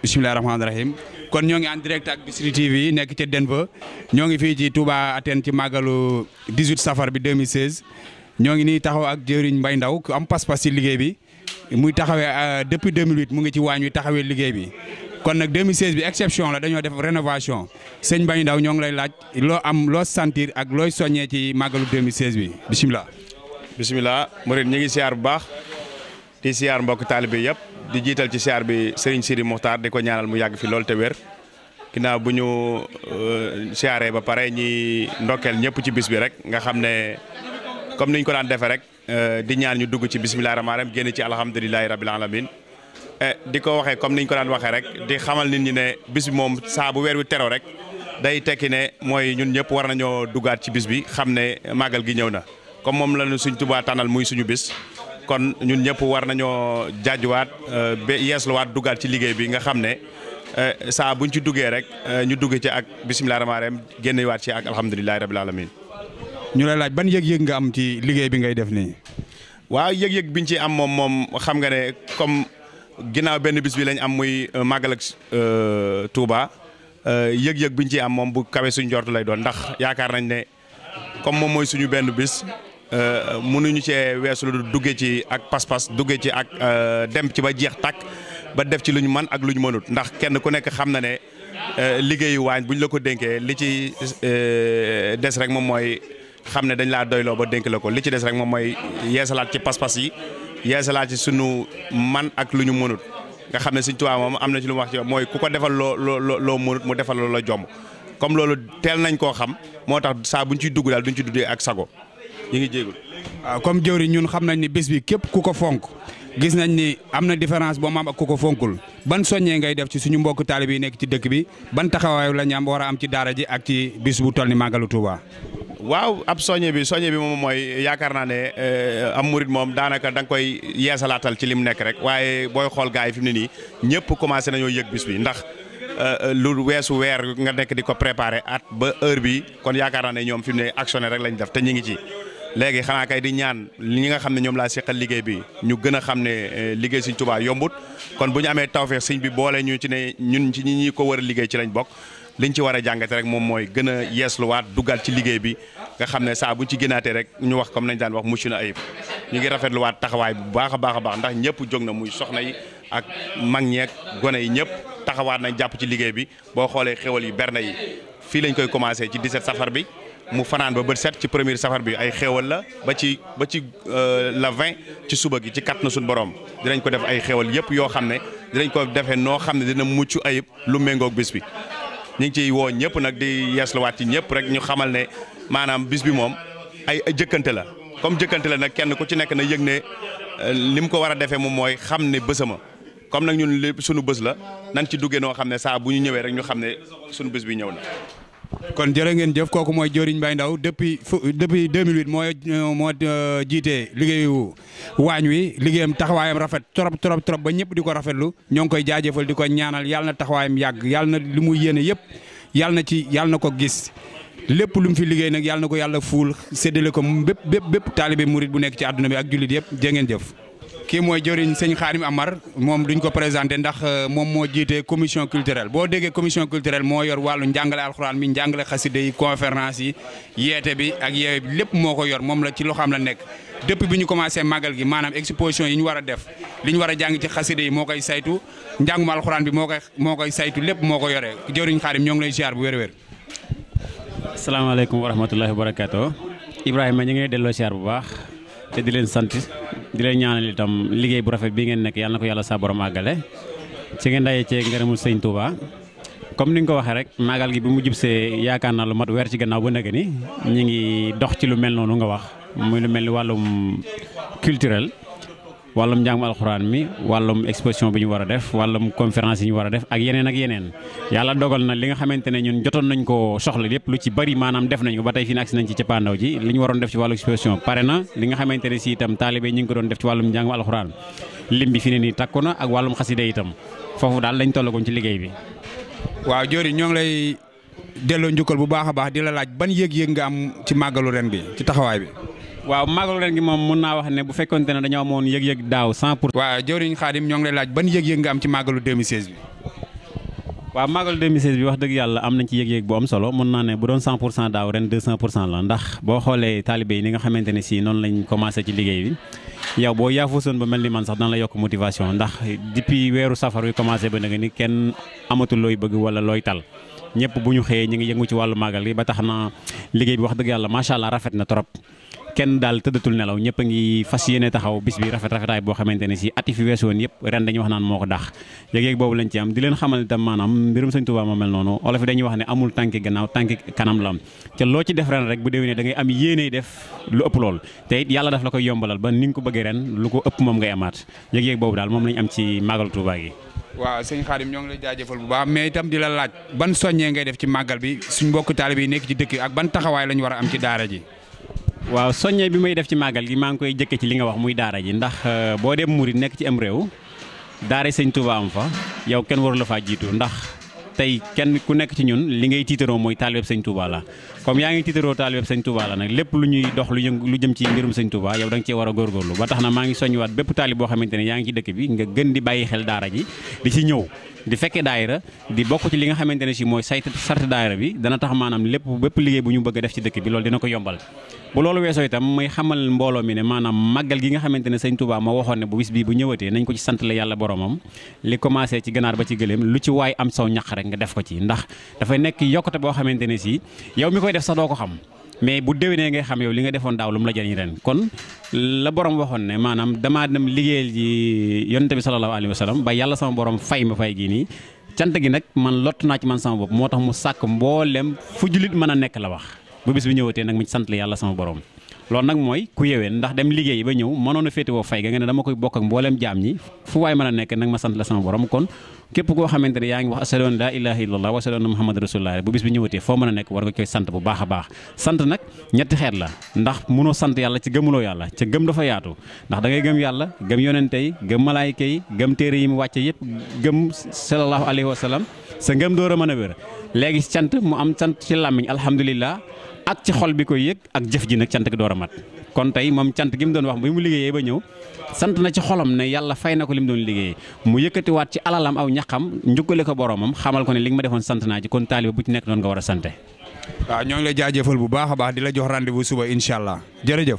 bisimilah rahmaani rahim kon ñoo ngi en direct ak Bichri TV nekk ca Denver ñoo ngi fii ci Touba Athènes ci màggalu 18 safar bi 2016 ñoo ngi nii taxaw ak jëriñ Mbay Ndaw ku am pas-pas ci liggéey bi muy taxawee euh, depuis 2008 mu ngi ci waañ wi taxawee liggéey bi. kon nag 2016 bi exception la dañoo def rénovation sëñ Mbay Ndaw ñoo ngi lay laaj loo am loo sentir ak looy soññee ci màggalu 2016 bi bisimilah. bisimilah Mouride ñu ngi siyaar bu baax di siyaar mbokk taalibe yëpp. di jiital ci siyaar bi Serigne Sidi Muxtaar di ko ñaanal mu yàgg fi lool te wér ginnaaw bu ñu euh, siyaaree ba pare ñi ndokkeel ñëpp ci bis bi rek nga xam ne comme niñ ko daan defee rek euh, di ñaan ñu dugg ci bisimilah rahmaani rahiim génn ci alhamdulilahi rabil alamin e, di ko waxee comme niñ ko daan waxee rek di xamal nit ñi ne bis moom saa bu weer wi teroo rek day tekki ne mooy ñun ñëpp war nañoo duggaat ci bis bi xam ne màggal gi ñëw na comme moom la ñu suñ Tuubaa tànnal muy suñu bis. kon ñun ñëpp war nañoo waat jaajuwaat euh, ba yeesluwaat duggaat ci liggéey bi nga xam ne euh, saa buñ ci duggee rek euh, ñu dugg ci ak bisimilah rahmaani rahiim génnewaat ci ak alhamdulilah rabil alamin ñu lay laaj ban yëg-yëg nga am ci liggéey bi ngay def nii. waaw yëg-yëg ñu ci am moom moom xam nga ne comme ginnaaw benn bis bi lañ am muy màggal ak Touba yëg-yëg biñ ci am moom bu kawe suñ jortu lay doon ndax yaakaar nañ ne comme moom mooy suñu benn bis. Euh, mënuñu cee weesu lu dugge ci ak pas-pas duggee ci ak euh, dem ci ba jeex tàkk ba def ci lu ñu mën ak lu ñu mënut ndax kenn ku nekk xam na ne euh, liggéeyu waañ bu la ko dénkee li ci des rek moom mooy xam ne dañ laa doyloo ba dénk ko li ci des rek moom mooy yeesalaat ci pas-pas yi yeesalaat ci sunu man ak lu ñu mënut nga xam ne Sëñ Tuubaa moom am na ci lu mu wax ci mooy ku ko defal loo loo loo mënut mu defal loo la jomb comme loolu teel nañ koo xam moo tax saa buñ ciy dugg daal duñ ci duddee ak sago ñu ngi jéegul waaw ah, comme jëwri ñun xam nañ ni bés bi képp ku ko fonk gis nañ ni am na différence boo ma ak ku ko fonkul ban soññee ngay def ci suñu mbokk taalib yi nekk ci dëkk bi ban taxawaayu la ñu am ci daara ji ak ci bis bu toll ni màggalu Touba. waaw ab soññe bi soññe bi moom mooy yaakaar naa ne eh, am murit moom daanaka da nga koy yeesalaatal ci lim nekk rek waaye booy xool gaay yi fi mu ne nii ñëpp commencé nañoo yëg bis bi ndax eh, lu weesu weer nga nekk di ko préparé at ba heure bi kon yaakaar naa ne ñoom fi actionné rek lañ def te ñu ngi ci. léegi xanaa kay di ñaan li ñi nga xam ne ñoom laa seqal liggéey bi ñu gën a xam ne euh, liggéey Sëñ Tuubaa yombut kon bu ñu amee tawfeex sëñ bi boole ñu ci ne ñun ci ñi ñi ko war a liggéey ci lañ bokk liñ ci war a jàngate rek moom mooy gën a yeesluwaat dugal ci liggéey bi nga xam ne saa buñ ci gënaatee rek ñu wax comme nañ daan wax mucc na ayib ñu ngi rafetluwaat taxawaay bu baax a baax a baax ndax ñëpp jóg na muy soxna yi ak mag ñeek gone yi ñëpp taxawaat nañ jàpp ci liggéey bi boo xoolee xéwal yi berne yi fii lañ koy commencé ci 17 safar bi mu fanaan ba bët set ci premier safar bi ay xewal la ba ci ba ci euh, la vingt ci suba gi ci kat na suñ borom dinañ ko def ay xéewal yëpp yoo xam ne dinañ ko defee noo xam ne dina mucc ayib lu méngoog bis bi ñu ngi ciy woo ñëpp nag di yeesluwaat ci ñëpp rek ñu xamal ne maanaam bis bi moom ay jëkkante la comme jëkkante la nag kenn ku ci nekk na yëg ne euh, li mu ko war a defee moom mooy xam ne bësama comme nag ñun lépp suñu bës la nan ci duggee noo xam ne saa bu ñu ñëwee rek ñu xam ne suñu bës bi ñëw na kon jërë ngeen jëf kooku mooy Diorigne Mbaye Ndao depuis depuis 2008 mooy euh, moo euh, jiitee liggéeyu waañ wi liggéeyam taxawaayam rafet trop trop trop ba ñëpp di ko rafetlu ñoo ngi koy jaajëfal di ko ñaanal yàlla na taxawaayam yàgg yàlla na li mu yéene yëpp yàlla na ci yàlla na ko gis lépp lu mu fi liggéey nag yàlla na ko yàlla fuul séddale ko bépp bépp bépp taalibe murit bu nekk ci àdduna bi ak jullit yëpp jërë ngeen jëf kii mooy jëriñ sëñ Xaarim Amar moom duñ ko présenté ndax euh, moom moo jiite commission culturelle boo déggee commission culturelle moo yor wàllu njàngale alxuraan mi njàngale xaside yi conférence yi yeete bi ak yeewe bi lépp moo ko yor moom la ci loo loxoom la nekk depuis bi ñu commencé màggal gi maanaam exposition yi ñu war a def li ñu war a jàng ci xaside yi moo koy saytu njàngum alxuraan bi moo koy moo koy saytu lépp moo ko yoree jëriñ Xaarim ñoo ngi lay ziar bu wér-wér. salaamaaleykum wa rahmatulahi wa Ibrahima ñu ngi delloo ziar bu baax te di leen sant. di leen ñaanal itam liggéey bu rafet bi ngeen nekk yàlla na ko yàlla saa borom àggale ci ngeen dayee cee ngërëmul sëñ Touba comme ni nga ko waxee rek màggal gi bi mu jibsee yaakaar naa lu mat weer ci gannaaw ba nekk ni ñu ngi dox ci lu mel noonu nga wax muy lu mel ni wàllum kulturel wàllum njàngum alxuraan mi wàllum exposition bi ñu war a def wàllum conférence yi ñu war a def ak yeneen ak yeneen yàlla dogal na li nga xamante ne ñun jotoon nañ ko soxla lépp lu ci bari maanaam def nañ ko ba tey fii agsi nañ ci cappaandaw ji li ñu waroon def ci wàllu exposition pare na li nga xamante ne si itam taalibe ñu ngi ko doon def ci wàllum njàngum alxuraan lim bi fi ne nii takku na ak wàllum xaside itam foofu daal lañ tollagoon ci liggéey bi waaw Diori ñoo ngi lay delloo njukkal bu baax a baax di la laaj ban yëg-yëg nga am ci màggalu ren bi ci taxawaay bi waaw màggalu ren gi moom mun naa wax ne bu fekkonte ne dañoo amoon yëg-yëg daaw 100 pour. waaw jëwriñ Xaadim ñoo ngi lay laaj ban yëg-yëg nga am ci màggalu 2016 bi. waaw màggalu 2016 bi wax dëgg yàlla am nañ ci yëg-yëg bu am solo mun naa ne bu doon 100 pour cent daaw ren 200 pour cent la ndax boo xoolee taalibe ni nga xamante ne si noonu lañ commencé ci liggéey bi. yow boo yaafusoon ba mel ni man sax dana yokk motivation ndax depuis weeru safar wi commencé ba nga ni kenn amatul bëgg wala looy tal ñëpp bu ñu xëyee ñu ngi yëngu ci wàllu màggal gi ba tax na liggéey bi wax dëgg yàlla macha rafet na trop kenn daal tëddatul nelaw ñëpp a ngi fas yéene taxaw bis bi rafet rafetaay boo xamante ne si ati fi weesu woon yëpp ren dañuy wax naan moo ko dàq yëg-yëg boobu lañ ci am di leen xamal itam maanaam mbirum sëñ Touba moo mel noonu olof yi dañuy wax ne amul tànki gannaaw tànki kanam la te loo ci def ren rek bu déwénee da am yéene def lu ëpp lool te yàlla daf la koy yombalal ba ni nga ko bëggee ren lu ko ëpp moom ngay amaat yëg-yëg boobu daal moom waaw soññee bi may def ci màggal gi maa ngi koy jëkke ci li nga wax muy daara ji ndax euh, boo dem murit nekk ci am réew daara sëñ Touba am fa yow kenn waru la faa jiitu ndax tey kenn ku nekk ci ñun li ngay tiitaroo mooy taalibeeb sëñ Touba la comme yaa ngi tiitaroo taalibe sëñ Touba la nag lépp lu ñuy dox lu jëm ci mbirum sëñ Touba yow da nga war a góorgóorlu ba tax na maa ngi soññiwaat bépp taalib boo yaa ngi ci dëkk bi nga gën di bàyyi xel daara ji di ci ñëw di fekke daayira di bokk ci li nga xamante si mooy sayt sart daayira bi dana tax maanaam lépp bépp liggéey bu ñu bëgg a def ci dëkk bi loolu dina ko yombal bu loolu weesoo itam may xamal mbooloo mi ne maanaam màggal def sax doo ko xam mais bu déwénee ngay xam yow li nga defoon daaw lu mu la jëriñ ren kon la borom waxoon ne maanaam damaa dem liggéeyal yi yonente bi sallallahu alayhi wa sallam ba yàlla sama borom fay ma fay gii nii cant gi nag man lott naa ci man sama bopp moo tax mu sàkk mboolem fu jullit mën a nekk la wax bu bis bi ñëwatee nag mu sant li yàlla sama borom. loolu nag mooy ku yeween ndax dem liggéey ba ñëw mënoon a féetewoo fay ga nga ne dama koy bokk ak mbooleem jaam ñi fu waay mën a nekk nag ma sant la sama borom kon képp koo xamante ne yaa ngi wax ashadu an laa ilaaha illallah wa ashadu anna muhammadan bu bis bi ñëwatee foo mën a nekk war nga koy sant bu baax a baax sant nag ñetti xeet la ndax munoo sant yàlla ci gëmuloo yàlla ca gëm dafa yaatu ndax da ngay gëm yàlla gëm yonente yi gëm malaayika yi gëm téere yi mu wa sallam sa ngëm door a a wér léegi sant mu am sant ak ci xol bi koy yëg ak jëf ji nag cant gi door a mat kon tey moom cant gi mu doon wax bi mu liggéeyee ba ñëw sant na ci xolam ne yàlla fay na ko li mu doon liggéeyee mu yëkkatiwaat ci alalam aw ñaxam njukkale ko boromam xamal ko ne li ma defoon sant naa ci kon taalibe bu ci nekk doon nga war a sante. waaw ñoo ngi lay bu baax a di la jox rendez-vous suba incha allah jërëjëf.